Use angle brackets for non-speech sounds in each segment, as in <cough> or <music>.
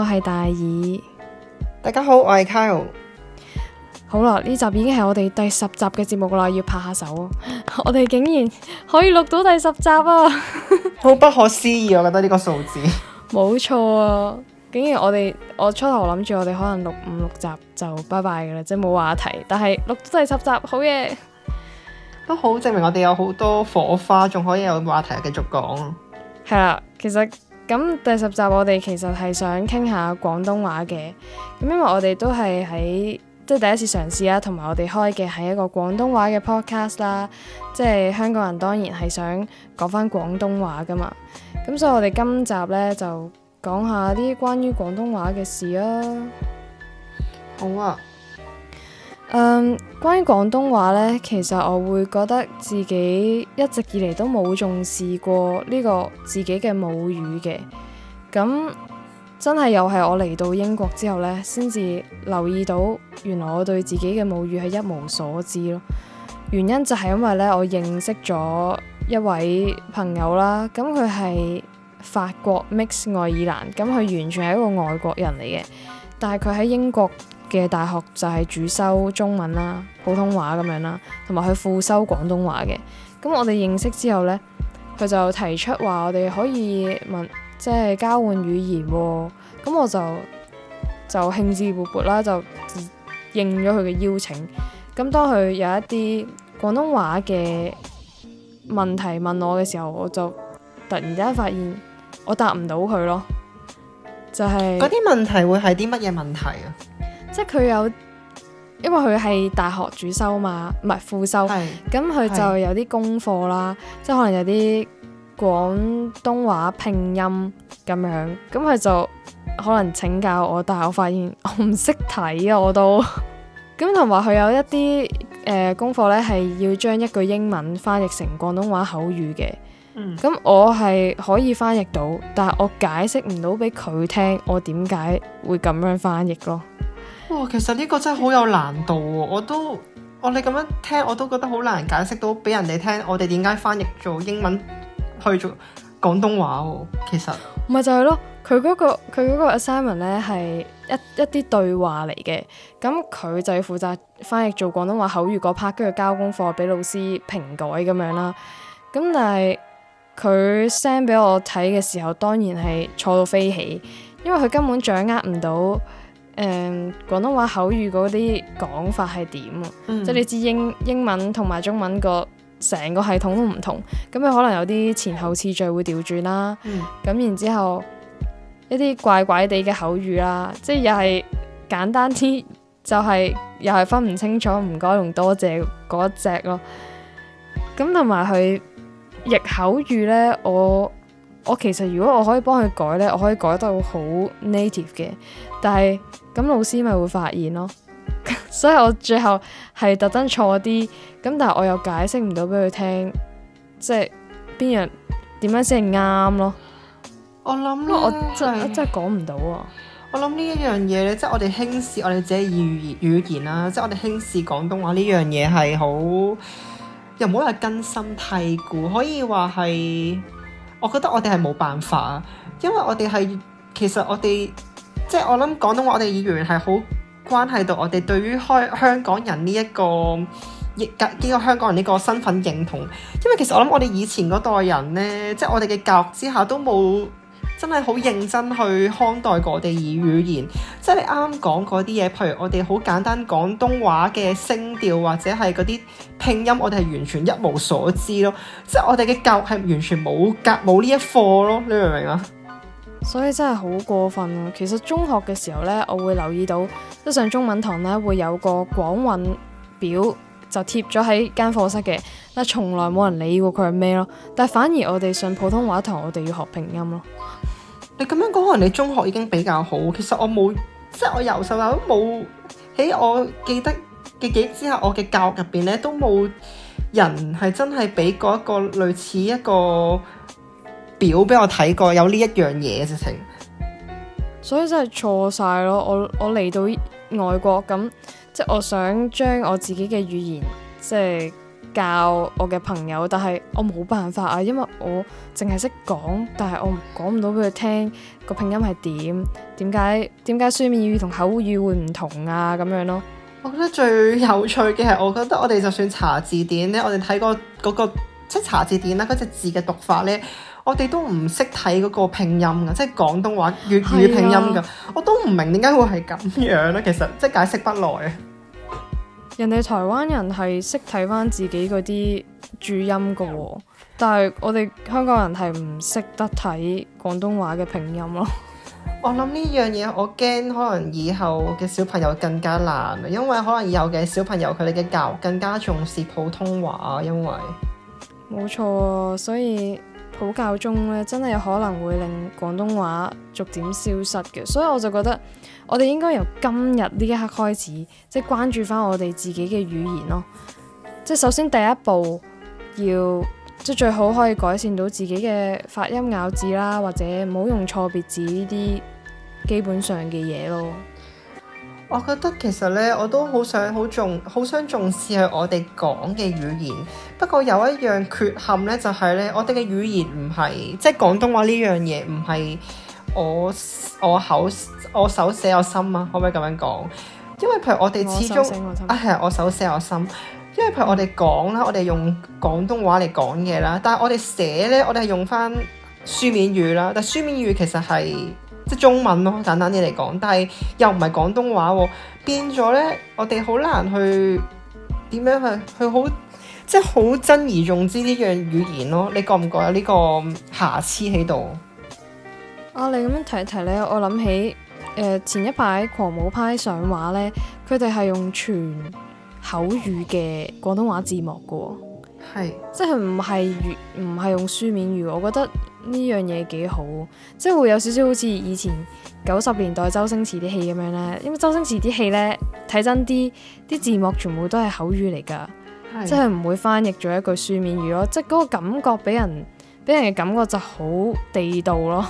我係大耳，大家好，我係 Kyle。好啦，呢集已經係我哋第十集嘅節目啦，要拍下手 <laughs> 我哋竟然可以錄到第十集啊，好 <laughs> 不可思議！我覺得呢個數字冇錯 <laughs> 啊，竟然我哋我初頭諗住我哋可能錄五六集就拜拜噶啦，即係冇話題，但係錄到第十集，好嘢，都好證明我哋有好多火花，仲可以有話題繼續講。係 <laughs> <laughs> 啊，其實。咁第十集我哋其實係想傾下廣東話嘅，咁因為我哋都係喺即係第一次嘗試啊，同埋我哋開嘅係一個廣東話嘅 podcast 啦，即係香港人當然係想講翻廣東話㗎嘛，咁所以我哋今集呢，就講下啲關於廣東話嘅事啊。好啊。嗯，um, 關於廣東話呢，其實我會覺得自己一直以嚟都冇重視過呢個自己嘅母語嘅。咁真係又係我嚟到英國之後呢，先至留意到原來我對自己嘅母語係一無所知咯。原因就係因為呢，我認識咗一位朋友啦。咁佢係法國 mix 愛爾蘭，咁佢完全係一個外國人嚟嘅，但係佢喺英國嘅大學就係主修中文啦、普通話咁樣啦，同埋佢副修廣東話嘅。咁我哋認識之後呢，佢就提出話我哋可以問，即係交換語言喎。咁我就就興致勃勃啦，就應咗佢嘅邀請。咁當佢有一啲廣東話嘅問題問我嘅時候，我就突然之間發現我答唔到佢咯。就係嗰啲問題會係啲乜嘢問題啊？即係佢有，因為佢係大學主修嘛，唔係副修。咁佢就有啲功課啦，即係可能有啲廣東話拼音咁樣。咁佢就可能請教我，但係我發現我唔識睇啊，我都。咁同埋佢有一啲誒功課咧，係要將一句英文翻譯成廣東話口語嘅。咁我係可以翻譯到，但係我解釋唔到俾佢聽，我點解會咁樣翻譯咯。哇，其實呢個真係好有難度喎！我都我你咁樣聽，我都覺得好難解釋到俾人哋聽，我哋點解翻譯做英文去做廣東話喎、啊？其實唔係、嗯、就係、是、咯，佢嗰、那個佢嗰個 assignment 咧係一一啲對話嚟嘅，咁佢就要負責翻譯做廣東話口語嗰 part，跟住交功課俾老師評改咁樣啦。咁但係佢 send 俾我睇嘅時候，當然係錯到飛起，因為佢根本掌握唔到。誒、um, 廣東話口語嗰啲講法係點啊？即係、mm hmm. 你知英英文同埋中文個成個系統都唔同，咁你可能有啲前後次序會調轉啦。咁、mm hmm. 然之後一啲怪怪哋嘅口語啦，即係又係簡單啲，就係、是、又係分唔清楚唔該同多謝嗰隻咯。咁同埋佢譯口語咧，我。我其實如果我可以幫佢改呢，我可以改到好 native 嘅，但係咁老師咪會發現咯， <laughs> 所以我最後係特登錯啲，咁但係我又解釋唔到俾佢聽，即係邊樣點樣先係啱咯。我諗咧，我真係是真係講唔到啊！就是、我諗呢一樣嘢呢，即係我哋輕視我哋自己語語言啦、啊，即、就、係、是、我哋輕視廣東話呢樣嘢係好又唔好話根深蒂固，可以話係。我覺得我哋係冇辦法啊，因為我哋係其實我哋即係我諗廣東話我哋語言係好關係到我哋對於開香港人呢、這、一個亦呢、這個香港人呢個身份認同，因為其實我諗我哋以前嗰代人呢，即係我哋嘅教育之下都冇。真係好認真去看待我哋二語言，即係你啱啱講嗰啲嘢，譬如我哋好簡單廣東話嘅聲調或者係嗰啲拼音，我哋係完全一無所知咯。即係我哋嘅教育係完全冇教冇呢一課咯，你明唔明啊？所以真係好過分啊！其實中學嘅時候呢，我會留意到一上中文堂呢，會有個廣韻表就貼咗喺間課室嘅，但係從來冇人理過佢係咩咯。但係反而我哋上普通話堂，我哋要學拼音咯。你咁樣講，可能你中學已經比較好。其實我冇，即係我由細到冇喺我記得嘅記憶之下我，我嘅教育入邊咧都冇人係真係俾過一個類似一個表俾我睇過有呢一樣嘢直情，所以真係錯晒咯。我我嚟到外國咁，即係我想將我自己嘅語言即係。就是教我嘅朋友，但係我冇辦法啊，因為我淨係識講，但係我唔講唔到俾佢聽個拼音係點？點解點解書面語同口語會唔同啊？咁樣咯，我覺得最有趣嘅係，我覺得我哋就算查字典咧，我哋睇過嗰個即係查字典啦，嗰隻字嘅讀法咧，我哋都唔識睇嗰個拼音㗎，即係廣東話粵語拼音㗎，啊、我都唔明點解會係咁樣咯，其實即係解釋不來啊。人哋台灣人係識睇翻自己嗰啲注音㗎喎，但係我哋香港人係唔識得睇廣東話嘅拼音咯。我諗呢樣嘢，我驚可能以後嘅小朋友更加難，因為可能以後嘅小朋友佢哋嘅教育更加重視普通話，因為冇錯，所以普教中咧真係可能會令廣東話逐漸消失嘅，所以我就覺得。我哋應該由今日呢一刻開始，即係關注翻我哋自己嘅語言咯。即係首先第一步要，要即係最好可以改善到自己嘅發音咬字啦，或者唔好用錯別字呢啲基本上嘅嘢咯。我覺得其實呢，我都好想好重，好想重視係我哋講嘅語言。不過有一樣缺陷呢，就係呢，我哋嘅語言唔係，即係廣東話呢樣嘢唔係。我我口我手寫我心啊，可唔可以咁樣講？因為譬如我哋始終啊，係啊，我手寫我心。因為譬如我哋講啦，我哋用廣東話嚟講嘢啦，但係我哋寫咧，我哋係用返書面語啦。但係書面語其實係即係中文咯，簡單啲嚟講。但係又唔係廣東話，變咗咧，我哋好難去點樣去去好即係好珍而重之呢樣語言咯。你覺唔覺有呢個瑕疵喺度？啊！你咁樣提一提咧，我諗起誒、呃、前一排狂舞派上畫咧，佢哋係用全口語嘅廣東話字幕㗎，係是即係唔係粵唔係用書面語。我覺得呢樣嘢幾好，即係會有少少好似以前九十年代周星馳啲戲咁樣咧。因為周星馳啲戲咧，睇真啲啲字幕全部都係口語嚟㗎，是即係唔會翻譯咗一句書面語咯。即係嗰個感覺俾人俾人嘅感覺就好地道咯。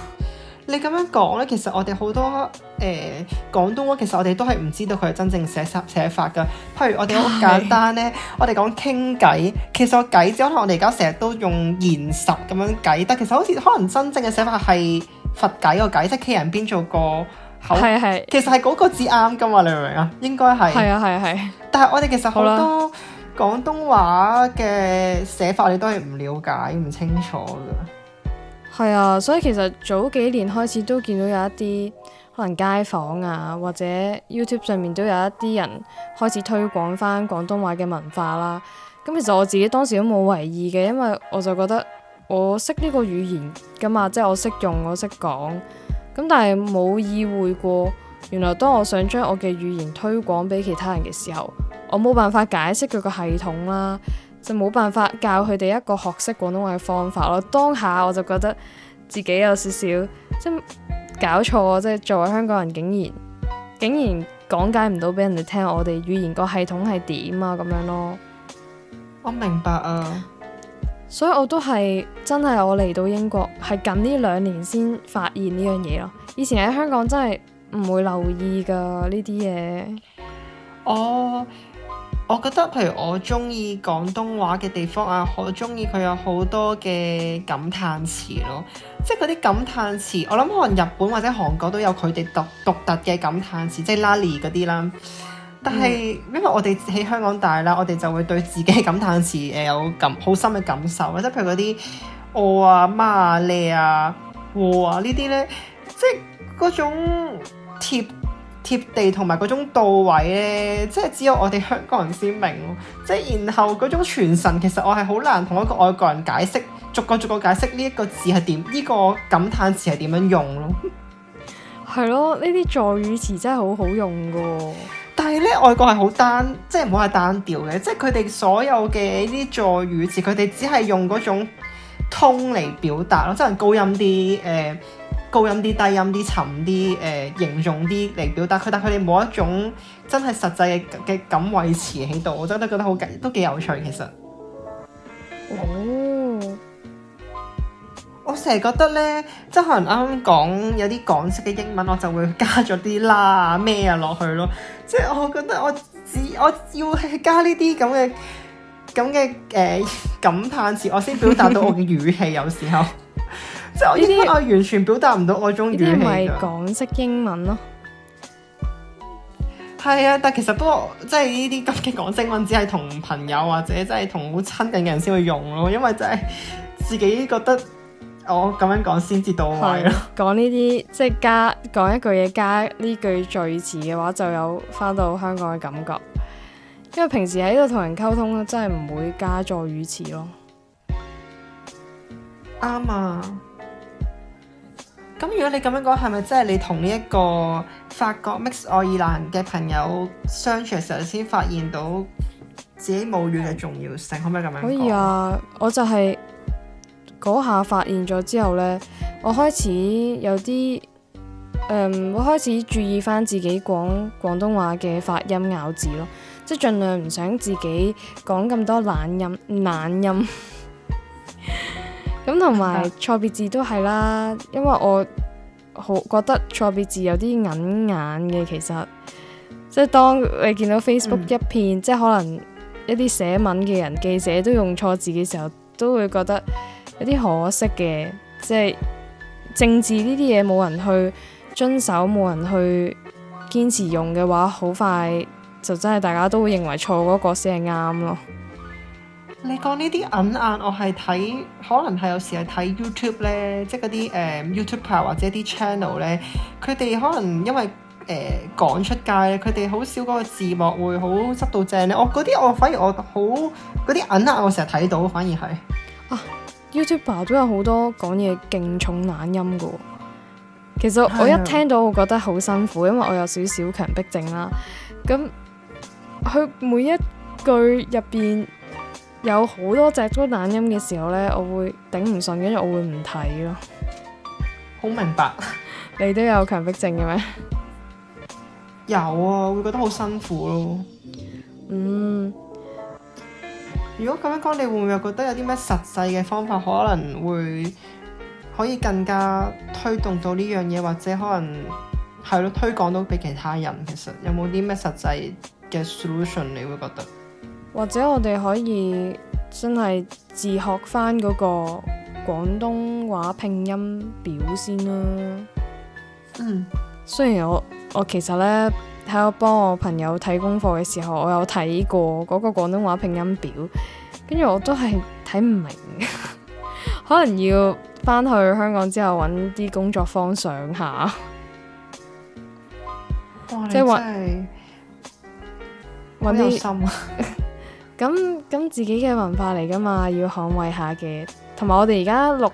你咁樣講咧，其實我哋好多誒、欸、廣東話其， <noise> 其實我哋都係唔知道佢嘅真正寫法寫法噶。譬如我哋好簡單咧，我哋講傾偈，其實個偈字可能我哋而家成日都用現實咁樣偈得。但其實好似可能真正嘅寫法係佛偈個偈，即係企人邊做個口。係係。其實係嗰個字啱噶嘛？你明唔明啊？應該係。係啊係啊係。但係我哋其實好多廣東話嘅寫法，你都係唔了解唔清楚㗎。係啊，所以其實早幾年開始都見到有一啲可能街坊啊，或者 YouTube 上面都有一啲人開始推廣翻廣東話嘅文化啦。咁其實我自己當時都冇為意嘅，因為我就覺得我識呢個語言㗎嘛，即係我識用，我識講。咁但係冇意會過，原來當我想將我嘅語言推廣俾其他人嘅時候，我冇辦法解釋佢個系統啦。就冇辦法教佢哋一個學識廣東話嘅方法咯。當下我就覺得自己有少少即係搞錯啊！即係作為香港人，竟然竟然講解唔到俾人哋聽，我哋語言個系統係點啊咁樣咯。我明白啊，所以我都係真係我嚟到英國係近呢兩年先發現呢樣嘢咯。以前喺香港真係唔會留意噶呢啲嘢。哦。我覺得譬如我中意廣東話嘅地方啊，我中意佢有好多嘅感嘆詞咯，即係嗰啲感嘆詞，我諗可能日本或者韓國都有佢哋獨獨特嘅感嘆詞，即係啦哩嗰啲啦。但係、嗯、因為我哋喺香港大啦，我哋就會對自己嘅感嘆詞誒有感好深嘅感受，即係譬如嗰啲我啊、媽啊、你啊、我、哦、啊呢啲咧，即係嗰種貼貼地同埋嗰種到位咧，即係只有我哋香港人先明咯。即係然後嗰種傳神，其實我係好難同一個外國人解釋，逐個逐個解釋呢一個字係點，呢個感嘆詞係點樣用咯。係咯，呢啲助語詞真係好好用㗎。但係咧，外國係好單，即係唔好係單調嘅。即係佢哋所有嘅呢啲助語詞，佢哋只係用嗰種 tone 嚟表達咯，即係高音啲誒。呃高音啲、低音啲、沉啲、誒、呃、凝重啲嚟表達佢，但佢哋冇一種真係實際嘅嘅感慰詞喺度，我真係覺得好都幾有趣其實。哦，我成日覺得咧，即係可能啱啱講有啲港式嘅英文，我就會加咗啲啦咩啊落去咯，即係我覺得我只我要係加呢啲咁嘅咁嘅誒感嘆詞，我先表達到我嘅語氣，有時候。 <laughs> 即係我呢啲些，我完全表達唔到我嗰種語氣噶。呢啲咪港式英文咯，啊？係啊，但係其實不過即係呢啲咁嘅港式英文，只係同朋友或者即係同好親近嘅人先會用咯。因為真係自己覺得我咁樣講先至到位。講呢啲即係加講一句嘢加呢句助語詞嘅話，就有翻到香港嘅感覺。因為平時喺度同人溝通咧，真係唔會加助語詞咯。啱啊！咁如果你咁樣講，係咪真係你同呢一個法國 mix 愛爾蘭嘅朋友相處嘅時候，先發現到自己母語嘅重要性？可唔、嗯、可以咁樣？可以啊，我就係、是、嗰下發現咗之後呢，我開始有啲嗯，我開始注意返自己廣廣東話嘅發音咬字咯，即係儘量唔想自己講咁多懶音懶音。 <laughs> 咁同埋錯別字都係啦，因為我好覺得錯別字有啲揞眼嘅，其實即係當你見到 Facebook 一片、嗯、即係可能一啲寫文嘅人、記者都用錯字嘅時候，都會覺得有啲可惜嘅。即係正字呢啲嘢冇人去遵守、冇人去堅持用嘅話，好快就真係大家都會認為錯嗰個先係啱咯。你講呢啲銀眼我，我係睇可能係有時係睇 YouTube 咧，即係嗰啲誒 YouTuber 或者啲 channel 咧，佢哋可能因為誒講、呃、出街咧，佢哋好少嗰個字幕會好執到正咧。我嗰啲我反而我好嗰啲銀眼，我成日睇到，反而係啊。YouTuber 都有好多講嘢勁重懶音㗎，其實我一聽到我覺得好辛苦，因為我有少少強迫症啦。咁佢每一句入邊。有好多隻都懶音嘅時候呢，我會頂唔順，跟住我會唔睇咯。好明白， <laughs> 你都有強迫症嘅咩？有啊，會覺得好辛苦咯、啊。嗯，如果咁樣講，你會唔會覺得有啲咩實際嘅方法可能會可以更加推動到呢樣嘢，或者可能係咯推廣到俾其他人？其實有冇啲咩實際嘅 solution？你會覺得？或者我哋可以真係自學翻嗰個廣東話拼音表先啦、啊。嗯，雖然我我其實呢，喺我幫我朋友睇功課嘅時候，我有睇過嗰個廣東話拼音表，跟住我都係睇唔明， <laughs> 可能要翻去香港之後揾啲工作坊上下。即係你真係好有心啊～ <laughs> 咁咁自己嘅文化嚟㗎嘛，要捍衛下嘅。同埋我哋而家錄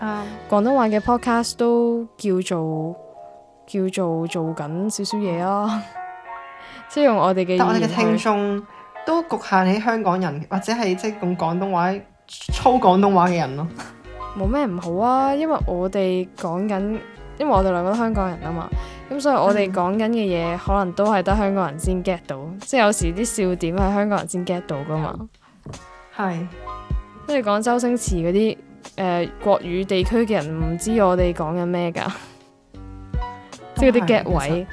廣東話嘅 podcast 都叫做、嗯、叫做做緊少少嘢咯。即 <laughs> 係用我哋嘅。我哋嘅聽眾都局限喺香港人，或者係即係用廣東話操廣東話嘅人咯。冇咩唔好啊，因為我哋講緊，因為我哋兩個都香港人啊嘛。咁所以我哋講緊嘅嘢，嗯、可能都係得香港人先 get 到，即係有時啲笑點係香港人先 get 到㗎嘛。係、嗯，跟住講周星馳嗰啲誒國語地區嘅人唔知我哋講緊咩㗎，即係啲 get 位。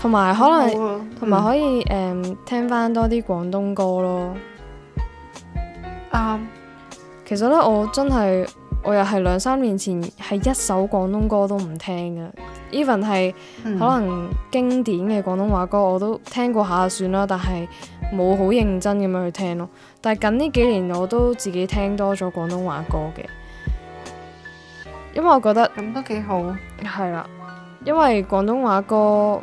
同埋、嗯、可能，同埋、啊、可以誒、嗯嗯、聽翻多啲廣東歌咯。啱、嗯，其實咧，我真係。我又係兩三年前係一首廣東歌都唔聽嘅，Even 係、嗯、可能經典嘅廣東話歌我都聽過下就算啦，但係冇好認真咁樣去聽咯。但係近呢幾年我都自己聽多咗廣東話歌嘅，因為我覺得咁都幾好。係啦，因為廣東話歌。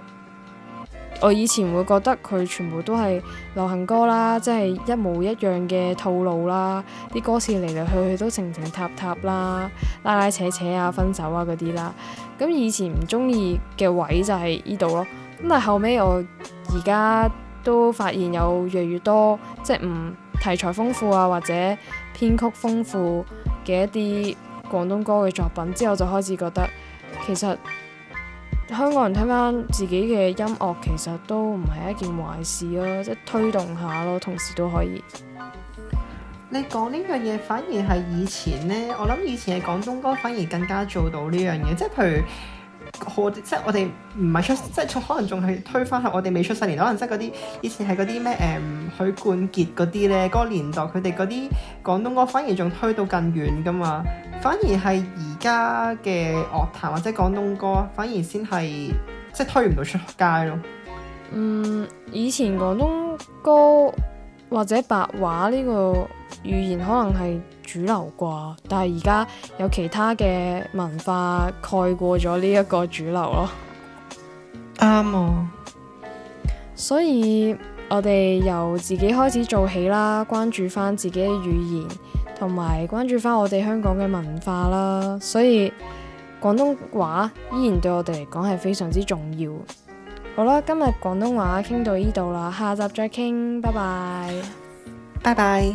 我以前會覺得佢全部都係流行歌啦，即係一模一樣嘅套路啦，啲歌詞嚟嚟去去都情情塔塔啦，拉拉扯扯啊，分手啊嗰啲啦。咁以前唔中意嘅位就係呢度咯。咁但係後尾我而家都發現有越嚟越多即係唔題材豐富啊，或者編曲豐富嘅一啲廣東歌嘅作品，之後就開始覺得其實。香港人聽翻自己嘅音樂，其實都唔係一件壞事咯，即係推動下咯，同時都可以。你講呢樣嘢，反而係以前呢，我諗以前係廣東歌反而更加做到呢樣嘢，即係譬如。我即係我哋唔係出，即係仲可能仲係推翻去我哋未出世年，可能即係嗰啲以前係嗰啲咩誒許冠傑嗰啲咧，嗰，那個年代佢哋嗰啲廣東歌反而仲推到更遠噶嘛，反而係而家嘅樂壇或者廣東歌反而先係即係推唔到出街咯。嗯，以前廣東歌或者白話呢個語言可能係。主流啩，但係而家有其他嘅文化蓋過咗呢一個主流咯，啱啊！所以我哋由自己開始做起啦，關注返自己嘅語言，同埋關注返我哋香港嘅文化啦。所以廣東話依然對我哋嚟講係非常之重要。好啦，今日廣東話傾到呢度啦，下集再傾，拜拜，拜拜。